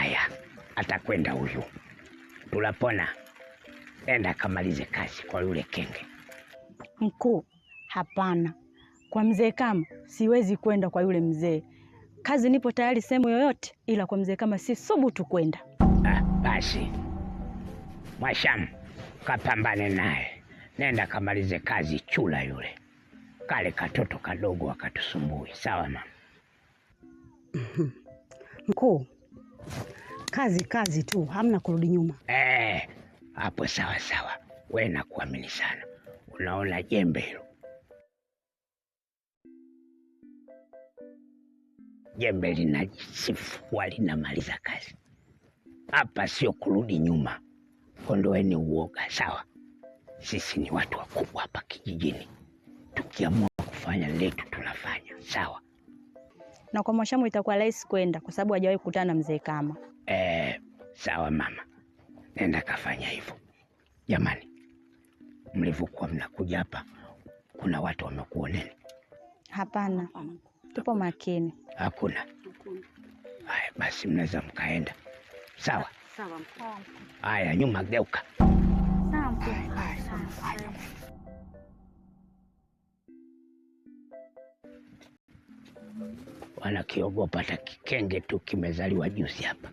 aya atakwenda huyu. Tulapona, enda akamalize kazi kwa yule kenge. Mkuu, hapana, kwa mzee kama siwezi kwenda kwa yule mzee. Kazi nipo tayari sehemu yoyote, ila kwa mzee kama si subutu kwenda. Ah, basi Mwashamu, kapambane naye, nenda kamalize kazi. Chula yule kale katoto kadogo akatusumbui. Sawa mama. Mkuu, Kazi kazi tu, hamna kurudi nyuma. Eh, hapo sawa sawa, we nakuamini sana. Unaona jembe hilo, jembe lina linajisifua linamaliza kazi. Hapa sio kurudi nyuma, kondoeni uoga. Sawa, sisi ni watu wakubwa hapa kijijini, tukiamua kufanya letu tunafanya. Sawa na kwa Mwashamu itakuwa rahisi kwenda kwa sababu hajawahi kukutana na mzee kama. Eh, sawa mama, nenda kafanya hivyo. Jamani, mlivyokuwa mnakuja hapa kuna watu wamekuoneni? Hapana, tupo makini. Hakuna? Haya basi, mnaweza mkaenda. Sawa sawa. Haya, nyuma geuka. Sawa. wanakiogopa hata kikenge tu kimezaliwa juzi hapa.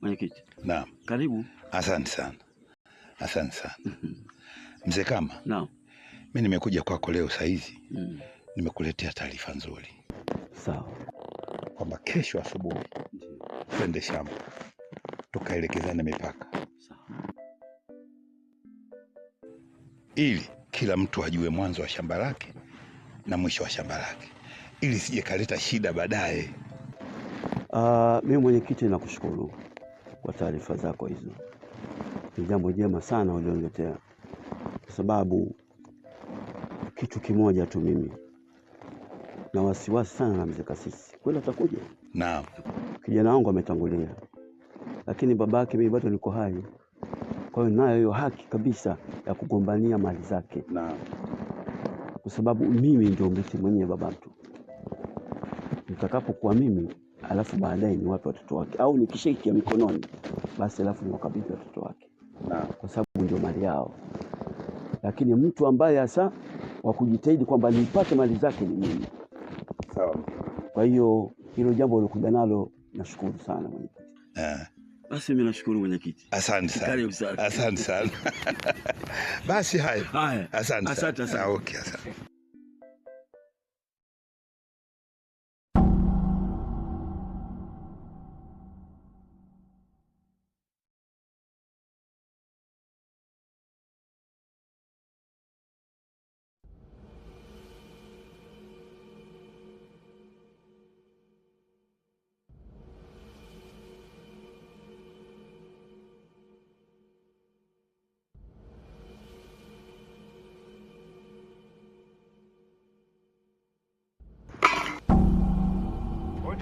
Mwenyekiti. Naam. Karibu. Asante sana, asante sana mhm. mzee. Kama naam, nimekuja kwako leo sahizi mm. Nimekuletea taarifa nzuri. Sawa kwamba kesho asubuhi twende shamba tukaelekezana mipaka ili kila mtu ajue mwanzo wa shamba lake na mwisho wa shamba lake ili sije kaleta shida baadaye. Uh, mimi mwenyekiti nakushukuru kwa taarifa zako hizo, ni jambo jema sana ulioletea kwa sababu kitu kimoja tu mimi na wasiwasi sana na mzee Kasisi, kweli atakuja? Naam, kijana wangu ametangulia, lakini babake mimi bado niko hai, kwa hiyo nayo hiyo haki kabisa ya kugombania mali zake. Naam, kwa sababu mimi ndio mrithi mwenyewe baba mtu, nitakapokuwa mimi alafu baadaye ni wape watoto wake, au nikishaikia mikononi basi alafu ni wakabidhi watoto wake. Naam, kwa sababu ndio mali yao, lakini mtu ambaye hasa wa kujitahidi kwamba nipate mali zake ni mimi sawa. Kwa hiyo hilo jambo ulikuja nalo, nashukuru sana mwenyekiti. Eh. Basi mimi nashukuru mwenyekiti, asante sana, asante sana. Basi hayo, asante, sana. asante. sana. Ah, okay, asante.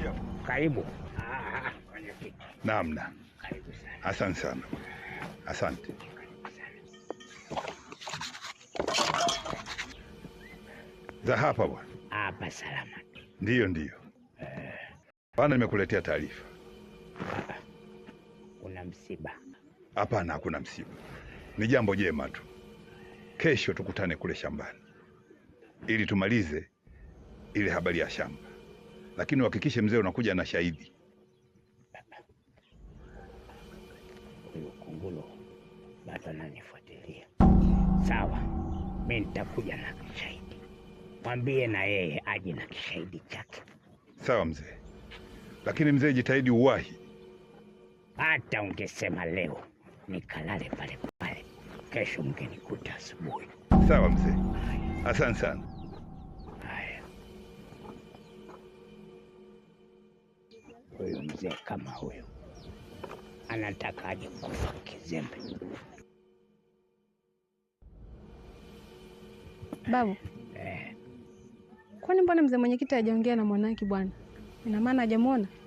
Ndio. Karibu. namna. sana. Asante sana. Asante. Za hapa bwana. Hapa salama. Ndiyo, ndio Eh. Bana nimekuletea taarifa. Kuna msiba? Hapana, hakuna msiba. Ni jambo jema tu. Kesho tukutane kule shambani ili tumalize ile habari ya shamba lakini uhakikishe mzee unakuja na shahidi. Huyo bado ananifuatilia. Sawa, mi nitakuja na kishahidi, mwambie na yeye aje na kishahidi chake. Sawa mzee, lakini mzee jitahidi uwahi. Hata ungesema leo nikalale pale pale, kesho mgenikuta asubuhi. Sawa mzee, asante sana. huyu mzee kama huyu anataka aje kufa kizembe. Babu eh, kwani mbona mzee mwenyekiti hajaongea na mwanake bwana? Ina maana hajamwona?